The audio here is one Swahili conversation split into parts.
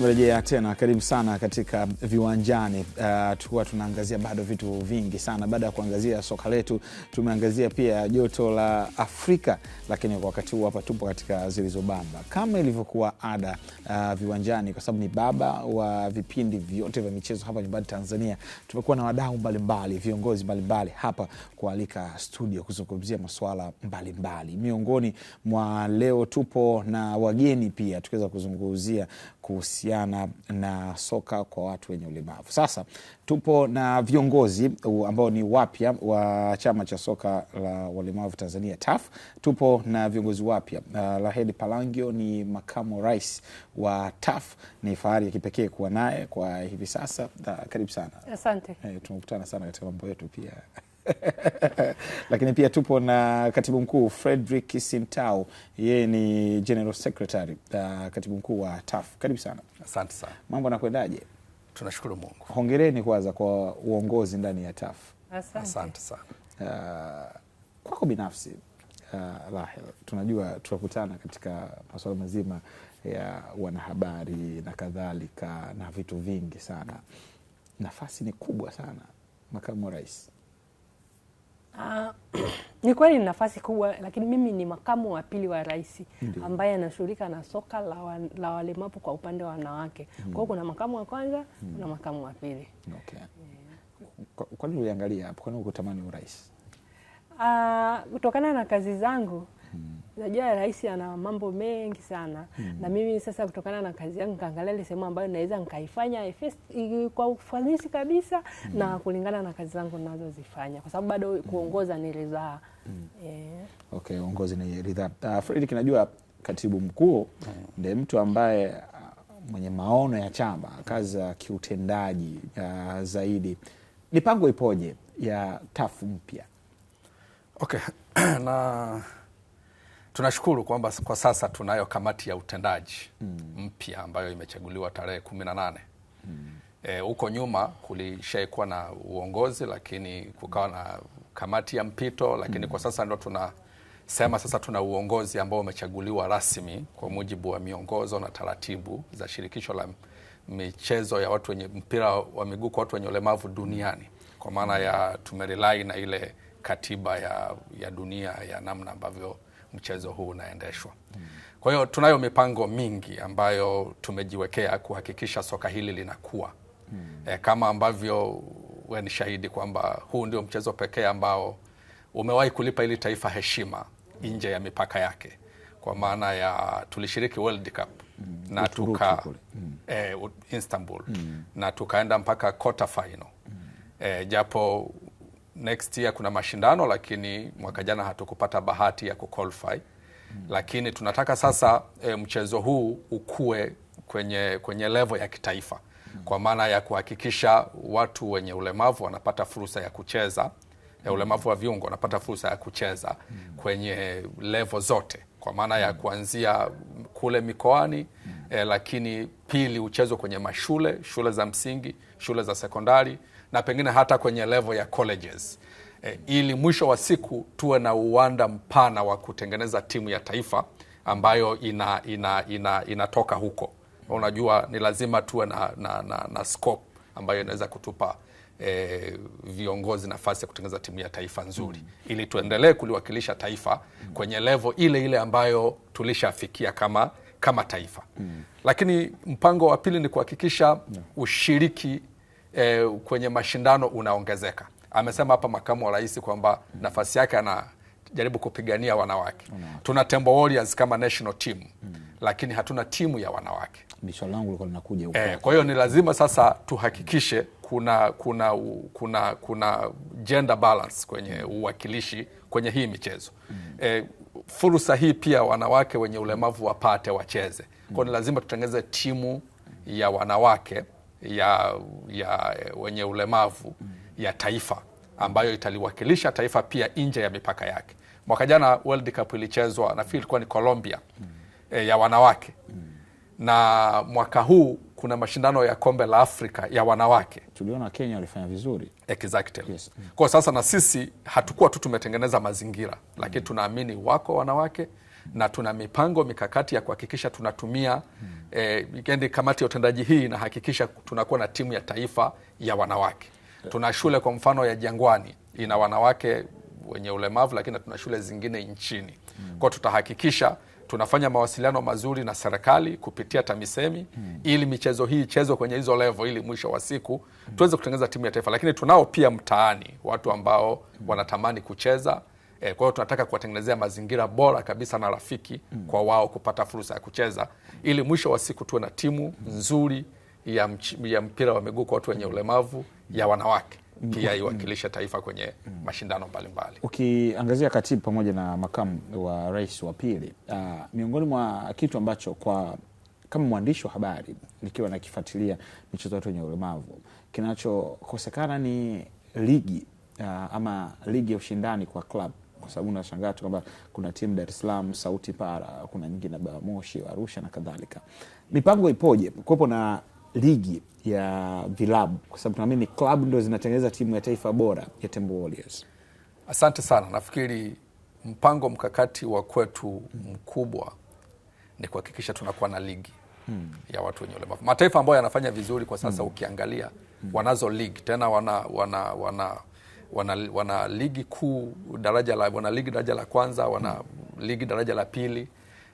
Tumerejea tena, karibu sana katika Viwanjani. Uh, ah, tukuwa tunaangazia bado vitu vingi sana. Baada ya kuangazia soka letu, tumeangazia pia joto la Afrika, lakini kwa wakati huu hapa tupo katika Zilizobamba kama ilivyokuwa ada uh, Viwanjani, kwa sababu ni baba wa vipindi vyote vya michezo hapa nyumbani Tanzania. Tumekuwa na wadau mbalimbali, viongozi mbalimbali hapa kualika studio kuzungumzia masuala mbalimbali. Miongoni mwa leo tupo na wageni pia tukiweza kuzungumzia kuhusia kuhusiana na soka kwa watu wenye ulemavu. Sasa tupo na viongozi ambao ni wapya wa chama cha soka la walemavu Tanzania TAF. Tupo na viongozi wapya. Lahedi uh, Palangio ni makamu rais wa TAF, ni fahari ya kipekee kuwa naye kwa hivi sasa. Uh, karibu sana. Asante. Eh, sana katika mambo yetu pia lakini pia tupo na katibu mkuu Frederick Sintau, yeye ni general secretary uh, katibu mkuu wa TAF. Karibu sana. Asante sana. Mambo anakwendaje? Tunashukuru Mungu. Hongereni kwanza kwa uongozi ndani ya TAF. Asante sana. Uh, kwako binafsi uh, Rahel, tunajua tunakutana katika masuala mazima ya wanahabari na kadhalika na vitu vingi sana. Nafasi ni kubwa sana, makamu wa rais ni kweli ni nafasi kubwa, lakini mimi ni makamu wa pili wa rais ambaye anashughulika na soka la, wa, la walemavu kwa upande wa wanawake. Kwa hmm. kuna makamu wa kwanza, hmm. kuna makamu wa pili. Okay. Yeah. Kwa nini uliangalia hapo? Kwa nini ukutamani urais? Uh, kutokana na kazi zangu Najua rais ana mambo mengi sana mm. Na mimi sasa kutokana na kazi yangu nkaangalia ile sehemu ambayo naweza nkaifanya kwa ufanisi kabisa mm. Na kulingana na kazi zangu nazozifanya kwa sababu bado hmm. kuongoza ni ridhaa mm. Yeah. uongozi ni ridhaa. Uh, ah, Fredrick najua katibu mkuu mm. mtu ambaye ah, mwenye maono ya chama, kazi za kiutendaji uh, zaidi. Mipango ipoje ya TAFU mpya? ok na Tunashukuru kwamba kwa sasa tunayo kamati ya utendaji hmm. mpya ambayo imechaguliwa tarehe kumi na nane hmm. e, huko mm. e, nyuma kulishaikuwa na uongozi lakini kukawa na kamati ya mpito lakini mm. kwa hmm. sasa ndo tunasema sasa tuna uongozi ambao umechaguliwa rasmi kwa mujibu wa miongozo na taratibu za shirikisho la michezo ya watu wenye mpira wa miguu kwa watu wenye ulemavu duniani kwa maana ya tumerelai na ile katiba ya, ya dunia ya namna ambavyo mchezo huu unaendeshwa. Kwa hiyo tunayo mipango mingi ambayo tumejiwekea kuhakikisha soka hili linakuwa e, kama ambavyo wewe ni shahidi kwamba huu ndio mchezo pekee ambao umewahi kulipa ili taifa heshima nje ya mipaka yake kwa maana ya tulishiriki World Cup na tuka eh, mm. Istanbul na tukaenda mpaka quarter final mm. Eh, japo next year kuna mashindano, lakini mwaka jana hatukupata bahati ya kuqualify mm. Lakini tunataka sasa e, mchezo huu ukue kwenye, kwenye level ya kitaifa mm. Kwa maana ya kuhakikisha watu wenye ulemavu wanapata fursa ya kucheza ya hmm. ulemavu wa viungo wanapata fursa ya kucheza mm. kwenye level zote kwa maana ya hmm. kuanzia kule mikoani mm. e, lakini pili, uchezo kwenye mashule, shule za msingi, shule za sekondari na pengine hata kwenye level ya colleges e, ili mwisho wa siku tuwe na uwanda mpana wa kutengeneza timu ya taifa ambayo inatoka ina, ina, ina huko. Unajua, ni lazima tuwe na, na, na, na scope ambayo inaweza kutupa E, viongozi nafasi ya kutengeneza timu ya taifa nzuri mm. ili tuendelee kuliwakilisha taifa mm. kwenye levo ile ile ambayo tulishafikia kama, kama taifa mm. Lakini mpango wa pili ni kuhakikisha yeah. ushiriki e, kwenye mashindano unaongezeka. Amesema hapa makamu wa rais kwamba nafasi yake anajaribu kupigania wanawake. Tuna Tembo Warriors kama national team mm. lakini hatuna timu ya wanawake e, kwa hiyo ni lazima sasa tuhakikishe kuna kuna kuna kuna gender balance kwenye uwakilishi kwenye hii michezo mm. E, fursa hii pia wanawake wenye ulemavu wapate wacheze. Kwa hiyo ni lazima tutengeze timu ya wanawake ya, ya eh, wenye ulemavu mm. ya taifa ambayo italiwakilisha taifa pia nje ya mipaka yake. Mwaka jana World Cup ilichezwa nafikiri ilikuwa ni Colombia mm. e, ya wanawake mm. na mwaka huu kuna mashindano ya kombe la Afrika ya wanawake. Tuliona Kenya walifanya vizuri exactly. Yes. Kwa sasa na sisi hatukuwa tu tumetengeneza mazingira, lakini mm. tunaamini wako wanawake na tuna mipango mikakati ya kuhakikisha tunatumia hmm. E, kamati ya utendaji hii inahakikisha tunakuwa na timu ya taifa ya wanawake. Tuna shule kwa mfano ya Jangwani ina wanawake wenye ulemavu, lakini tuna shule zingine nchini hmm. Kwao tutahakikisha tunafanya mawasiliano mazuri na serikali kupitia TAMISEMI hmm. ili michezo hii ichezwe kwenye hizo levo ili mwisho wa siku hmm. tuweze kutengeneza timu ya taifa. Lakini tunao pia mtaani watu ambao wanatamani kucheza E, kwa hiyo tunataka kuwatengenezea mazingira bora kabisa na rafiki mm. kwa wao kupata fursa ya kucheza ili mwisho wa siku tuwe na timu nzuri ya, mch, ya mpira wa miguu kwa watu wenye mm. ulemavu ya wanawake mm. pia mm. iwakilishe taifa kwenye mashindano mbalimbali. Ukiangazia Katibu pamoja na makamu wa rais wa pili, uh, miongoni mwa kitu ambacho kwa kama mwandishi wa habari nikiwa nakifuatilia michezo watu wenye ulemavu, kinachokosekana ni ligi uh, ama ligi ya ushindani kwa klabu kwa sababu unashangaa tu kwamba kuna timu Dar es Salaam, Sauti Para, kuna nyingine Baba Moshi, Arusha na kadhalika. Mipango ipoje? Kuwepo na ligi ya vilabu, kwa sababu tunaamini klabu ndo zinatengeneza timu ya taifa bora ya Tembo Warriors. Asante sana. Nafikiri mpango mkakati wa kwetu mkubwa ni kuhakikisha tunakuwa na ligi hmm. ya watu wenye ulemavu. Mataifa ambayo yanafanya vizuri kwa sasa hmm. ukiangalia hmm. wanazo ligi tena wana, wana, wana wana, wana ligi kuu daraja la, wana ligi daraja la kwanza, wana ligi daraja la pili.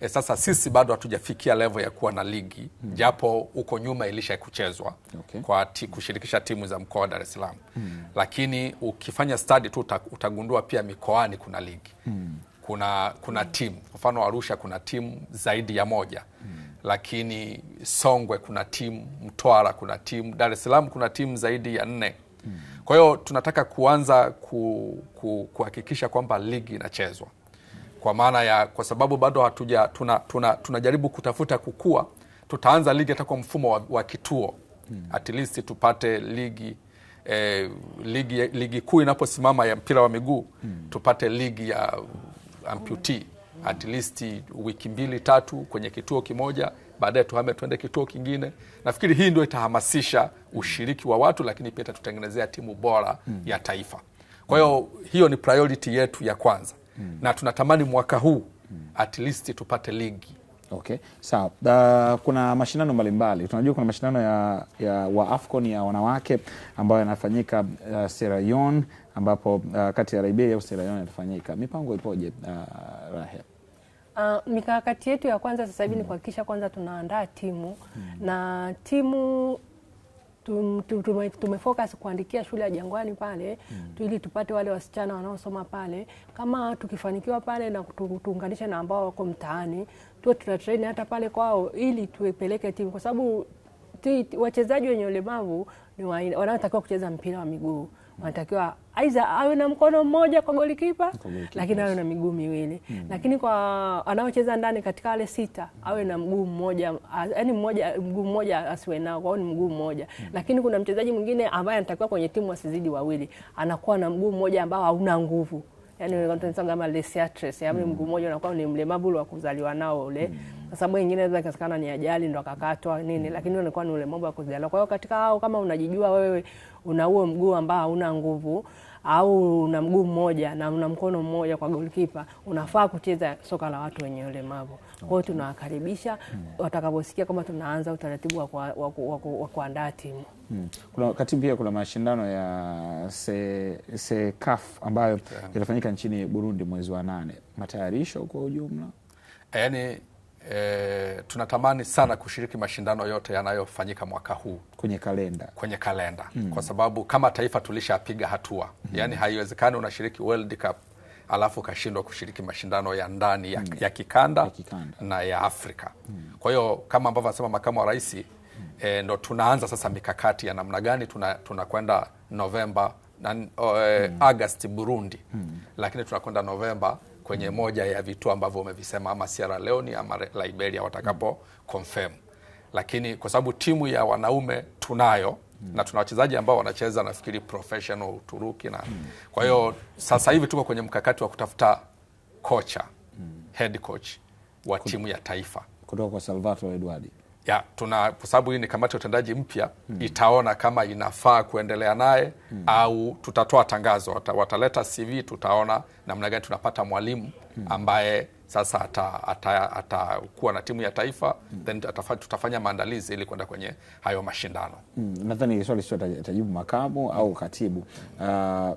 E, sasa sisi bado hatujafikia levo ya kuwa na ligi hmm. Japo huko nyuma ilisha kuchezwa okay. Kwa ti, kushirikisha timu za mkoa wa Dar es Salaam hmm. Lakini ukifanya study tu utagundua pia mikoani kuna ligi hmm. Kuna, kuna timu kwa mfano Arusha kuna timu zaidi ya moja mm. Lakini Songwe kuna timu, Mtwara kuna timu, Dar es Salaam kuna timu zaidi ya nne mm. Kwa hiyo tunataka kuanza kuhakikisha ku, kwamba ligi inachezwa kwa maana ya, kwa sababu bado hatuja tunajaribu tuna, tuna kutafuta kukua. Tutaanza ligi hata kwa mfumo wa, wa kituo hmm. At least tupate ligi eh, ligi, ligi kuu inaposimama ya mpira wa miguu hmm. Tupate ligi ya amputee at least wiki mbili tatu kwenye kituo kimoja baadaye tuhame tuende kituo kingine. Nafikiri hii ndio itahamasisha ushiriki wa watu, lakini pia itatutengenezea timu bora mm. ya taifa. Kwa hiyo hiyo ni priority yetu ya kwanza mm. na tunatamani mwaka huu mm. at least tupate ligi Okay, sawa. So, kuna mashindano mbalimbali tunajua, kuna mashindano ya, ya wa AFCON ya wanawake ambayo yanafanyika uh, Sierra Leone ambapo uh, kati ya Liberia au Sierra Leone yatafanyika. Mipango ipoje, uh, Rahel? Uh, mikakati yetu ya kwanza sasa hivi mm. ni kuhakikisha kwanza tunaandaa timu mm. na timu tum, tum, tum, tumefocus kuandikia shule ya Jangwani pale mm. ili tupate wale wasichana wanaosoma pale. Kama tukifanikiwa pale na tuunganishe na ambao wako mtaani, tuwe tuna train hata pale kwao, ili tupeleke timu, kwa sababu wachezaji wenye ulemavu ni wanaotakiwa kucheza mpira wa miguu anatakiwa aidha awe na mkono mmoja kwa golikipa, lakini awe na miguu miwili mm. Lakini kwa anaocheza ndani katika wale sita awe na mguu mmoja, yaani mmoja mguu mmoja asiwe nao, kwa ni mguu mmoja mm. Lakini kuna mchezaji mwingine ambaye anatakiwa kwenye timu asizidi wawili, anakuwa na mguu mmoja ambao hauna nguvu, yaani tunasema kama lesiatres, yaani hmm. mguu mmoja unakuwa ni mlemavu wa kuzaliwa nao ule mm. Kwa sababu nyingine inaweza ikasikana ni ajali ndo akakatwa nini, mm. lakini unakuwa ni ule mambo ya kuzaliwa. Kwa hiyo katika hao, kama unajijua wewe una huo mguu ambao hauna nguvu au una mguu mmoja na una mkono mmoja kwa golkipa unafaa kucheza soka la watu wenye ulemavu. Kwa hiyo tunawakaribisha mm. watakaposikia kama tunaanza utaratibu wa kuandaa timu. Hmm. Kuna wakati pia kuna mashindano ya SECAF se ambayo yatafanyika nchini Burundi mwezi wa nane, matayarisho kwa ujumla yaani e, tunatamani sana kushiriki mashindano yote yanayofanyika mwaka huu kwenye kalenda, kwenye kalenda. Mm. Kwa sababu kama taifa tulishapiga hatua mm -hmm. haiwezekani unashiriki World Cup alafu ukashindwa kushiriki mashindano ya ndani ya, mm. ya, kikanda, ya kikanda na ya Afrika mm. Kwa hiyo kama ambavyo anasema makamu wa rais mm. E, ndo tunaanza sasa mikakati ya namna gani tunakwenda tuna Novemba na, oh, eh, mm. Agosti Burundi mm. Lakini tunakwenda Novemba kwenye moja ya vitu ambavyo umevisema ama Sierra Leone ama Liberia watakapo confirm, lakini kwa sababu timu ya wanaume tunayo hmm. na tuna wachezaji ambao wanacheza nafikiri professional Uturuki na hmm. kwa hiyo sasa hivi tuko kwenye mkakati wa kutafuta kocha hmm. head coach wa timu ya taifa kutoka kwa Salvatore Edward ya tuna kwa sababu hii ni kamati ya utendaji mpya mm. itaona kama inafaa kuendelea naye mm. au tutatoa tangazo, wataleta CV, tutaona namna gani tunapata mwalimu hmm. ambaye sasa atakuwa ata, ata na timu ya taifa mm. then atafa, tutafanya maandalizi ili kwenda kwenye hayo mashindano mm. Nadhani swali sio tajibu makamu hmm. au katibu uh,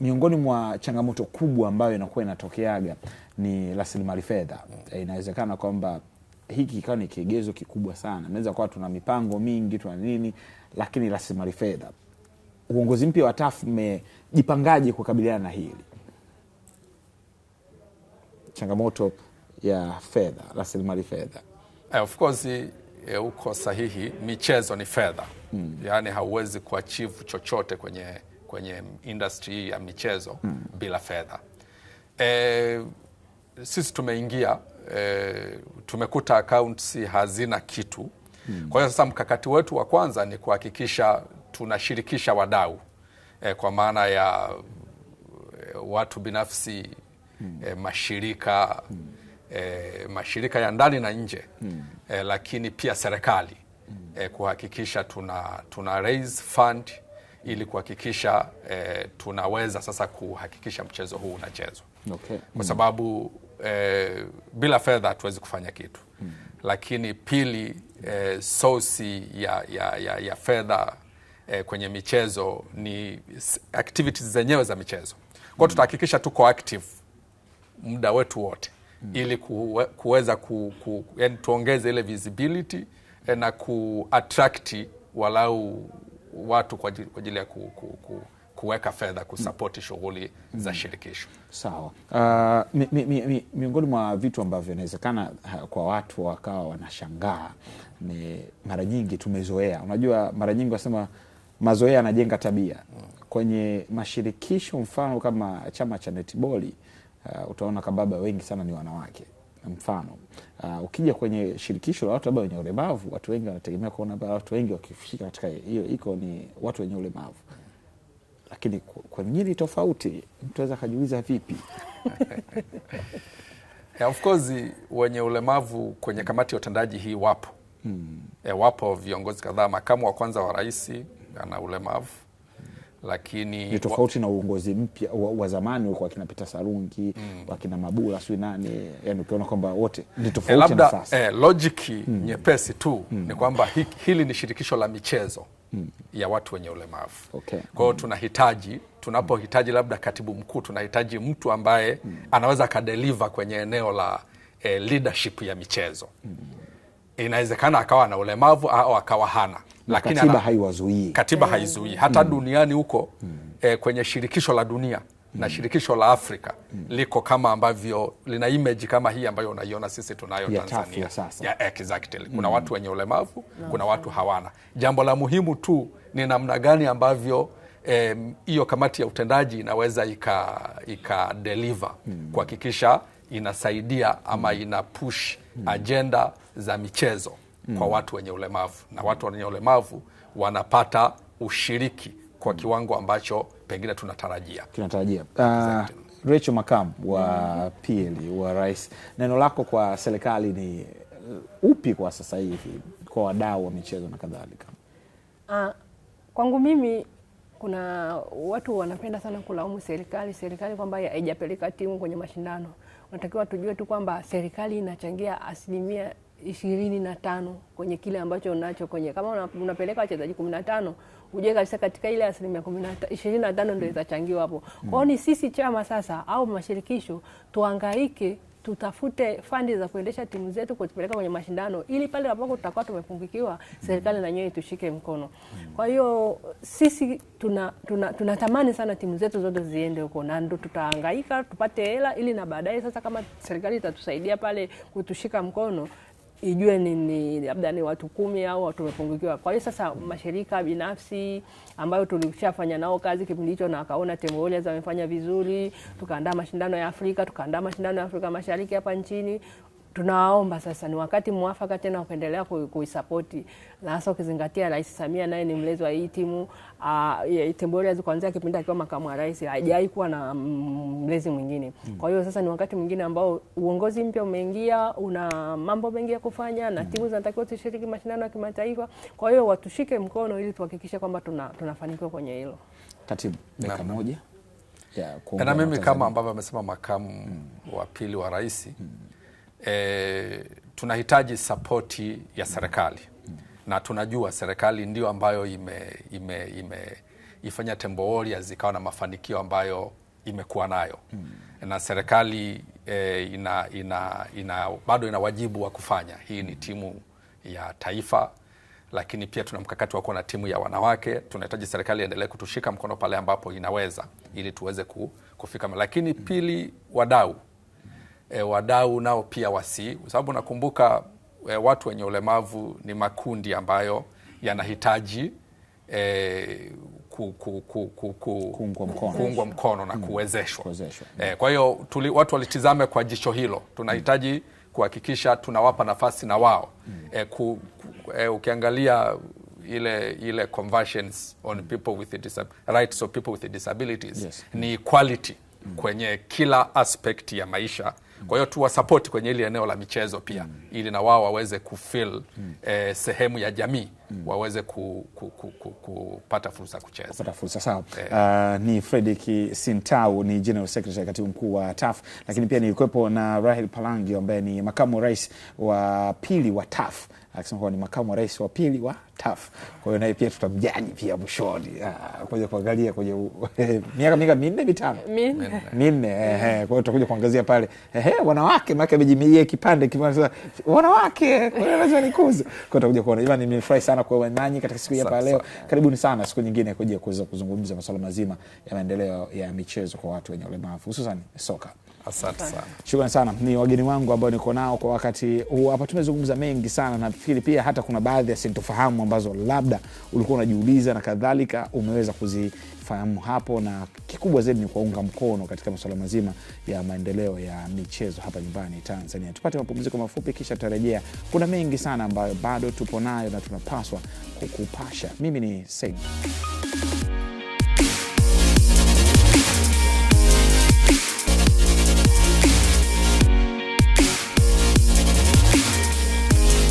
miongoni mwa changamoto kubwa ambayo inakuwa inatokeaga ni rasilimali fedha mm. Inawezekana kwamba hiki kikawa ni kigezo kikubwa sana. Naweza kuwa tuna mipango mingi, tuna nini, lakini rasilimali fedha. Uongozi mpya wa TAF umejipangaje kukabiliana na hili changamoto ya fedha, rasilimali fedha? Eh, of course eh, uko sahihi, michezo ni fedha mm. Yaani hauwezi kuachivu chochote kwenye, kwenye industry ya michezo mm. bila fedha. E, sisi tumeingia e, tumekuta accounts hazina kitu hmm. Kwa hiyo sasa mkakati wetu wa kwanza ni kuhakikisha tunashirikisha wadau e, kwa maana ya e, watu binafsi hmm. e, mashirika hmm. e, mashirika ya ndani na nje hmm. e, lakini pia serikali hmm. e, kuhakikisha tuna, tuna raise fund ili hmm. kuhakikisha eh, tunaweza sasa kuhakikisha mchezo huu unachezwa okay. Kwa hmm. sababu eh, bila fedha hatuwezi kufanya kitu hmm. Lakini pili, eh, sosi ya, ya, ya, ya fedha eh, kwenye michezo ni activities zenyewe za michezo kwao, tutahakikisha tuko active muda wetu wote hmm. ili kuweza ku, ku, yani tuongeze ile visibility eh, na ku walau watu kwa ajili ya ku, ku, ku kuweka fedha kusapoti mm. shughuli mm. za shirikisho. Sawa. Uh, miongoni mi, mi, mi mwa vitu ambavyo inawezekana uh, kwa watu wakawa wanashangaa ni mara nyingi tumezoea, unajua mara nyingi wasema mazoea yanajenga tabia mm. kwenye mashirikisho. Mfano kama chama cha netiboli uh, utaona kababa wengi sana ni wanawake mfano uh, ukija kwenye shirikisho la watu labda wenye ulemavu, watu wengi wanategemea kuona watu wengi wakifika katika hiyo iko ni watu wenye ulemavu lakini kwa ni tofauti, mtu aweza akajiuliza vipi? Yeah, of course wenye ulemavu kwenye kamati ya utendaji hii wapo mm. E, wapo viongozi kadhaa. Makamu wa kwanza wa rais ana ulemavu lakini ni tofauti wa... na uongozi mpya wa, wa zamani huko akina Peter Sarungi mm. wakina Mabula sio nani, yani ukiona kwamba wote ni eh, tofauti e, labda, na sasa e, logic mm. nyepesi tu mm. ni kwamba hili ni shirikisho la michezo ya watu wenye ulemavu okay. Kwa hiyo tunahitaji tunapohitaji labda katibu mkuu, tunahitaji mtu ambaye anaweza akadeliva kwenye eneo la eh, leadership ya michezo Inawezekana akawa na ulemavu au akawa hana lakini katiba haiwazuii, katiba haizuii hata mm. duniani huko eh, kwenye shirikisho la dunia na shirikisho la Afrika liko kama ambavyo lina image kama hii ambayo unaiona sisi tunayo ya Tanzania ya exactly. Mm. Kuna watu wenye ulemavu no. Kuna watu hawana. Jambo la muhimu tu ni namna gani ambavyo hiyo eh, kamati ya utendaji inaweza ika, ika deliver mm. kuhakikisha inasaidia ama mm. ina push mm. ajenda za michezo mm. kwa watu wenye ulemavu na watu wenye ulemavu wanapata ushiriki kwa kiwango ambacho pengine tunatarajia tunatarajia. Exactly. Uh, Rachel Makamu wa pl wa rais, neno lako kwa serikali ni uh, upi kwa sasa hivi kwa wadau wa michezo na kadhalika? Uh, kwangu mimi kuna watu wanapenda sana kulaumu serikali serikali kwamba haijapeleka timu kwenye mashindano. Unatakiwa tujue tu kwamba serikali inachangia asilimia ishirini na tano kwenye kile ambacho unacho kwenye, kama unapeleka wachezaji kumi na tano ujue kabisa katika ile asilimia ishirini na tano ndio itachangiwa hapo. Kwa hiyo ni sisi chama sasa au mashirikisho tuangaike tutafute fundi za kuendesha timu zetu kutupeleka kwenye mashindano ili pale ambapo tutakuwa tumepungukiwa serikali na nyewe tushike mkono. Kwa hiyo sisi tunatamani tuna, tuna sana timu zetu zote ziende huko, na ndo tutahangaika tupate hela ili na baadaye sasa, kama serikali itatusaidia pale kutushika mkono, ijue ni, labda ni watu kumi au tumepungukiwa. Kwa hiyo sasa mashirika binafsi ambayo tulishafanya nao kazi kipindi hicho na akaona Temu Warriors wamefanya vizuri, tukaandaa mashindano ya Afrika, tukaandaa mashindano ya Afrika Mashariki hapa nchini tunawaomba sasa, ni wakati mwafaka tena kuendelea kuisapoti, na hasa ukizingatia Rais Samia naye ni mlezi wa hii timu uh, Tembo Warriors kuanzia kipindi akiwa makamu wa rais hajawahi kuwa na mm, mlezi mwingine mm. Kwa hiyo sasa ni wakati mwingine ambao uongozi mpya umeingia, una mambo mengi ya kufanya na hmm. timu zinatakiwa zishiriki mashindano ya kimataifa. Kwa hiyo watushike mkono ili tuhakikishe kwamba tuna, tunafanikiwa kwenye hilo. Katibu, dakika moja na mimi kama ambavyo amesema makamu mm. wa pili wa rais mm e, tunahitaji sapoti ya serikali mm. na tunajua serikali ndio ambayo ime, ime, ime ifanya Tembo Warriors zikawa na mafanikio ambayo imekuwa nayo hmm. na serikali e, ina, ina, ina, bado ina wajibu wa kufanya. Hii ni mm. timu ya taifa, lakini pia tuna mkakati wa kuwa na timu ya wanawake. Tunahitaji serikali iendelee kutushika mkono pale ambapo inaweza, ili tuweze kufika. Lakini mm. pili, wadau e, wadau nao pia wasi kwa sababu nakumbuka e, watu wenye ulemavu ni makundi ambayo yanahitaji e, kuungwa mkono, kuungwa mkono na mm. kuwezeshwa e, kwa hiyo watu walitizame kwa jicho hilo, tunahitaji kuhakikisha tunawapa nafasi na wao e, ku, ku, e, ukiangalia ile ile conversions on people with rights of people with disabilities yes. Ni equality kwenye kila aspect ya maisha kwa hiyo tuwasapoti kwenye ile eneo la michezo pia, mm. ili na wao waweze kufil eh, sehemu ya jamii mm. waweze ku, ku, ku, ku, kupata fursa kucheza kupata fursa sawa. Yeah. Eh. Uh, ni Fredrick Sintau ni General Secretary, katibu mkuu wa TAF, lakini pia nilikuwepo na Rahel Palangi ambaye ni makamu rais wa pili wa TAF akisema kwamba ni makamu wa rais wa pili wa TAF. Kwa hiyo naye pia tutamjani pia mwishoni ah, kuja kuangalia kwenye miaka miaka minne mitano minne, kwa hiyo tutakuja kuangazia pale ehe, wanawake maake amejimilia kipande kimoja wanawake, kwa hiyo lazima nikuze. Kwa hiyo tutakuja kuona. Jamani, nimefurahi sana sana kuwa nanyi katika siku hii hapa leo. Karibuni sana siku nyingine kuja kuweza kuzungumza masuala mazima ya maendeleo ya michezo kwa watu wenye ulemavu hususan soka. Asante sana, shukrani sana. Ni wageni wangu ambao niko nao kwa wakati huu hapa. Tumezungumza mengi sana, nafikiri pia hata kuna baadhi ya sintofahamu ambazo labda ulikuwa unajiuliza na kadhalika, umeweza kuzifahamu hapo, na kikubwa zaidi ni kuwaunga mkono katika masuala mazima ya maendeleo ya michezo hapa nyumbani Tanzania. Tupate mapumziko mafupi, kisha tutarejea. Kuna mengi sana ambayo bado tupo nayo na tunapaswa kukupasha. Mimi ni Said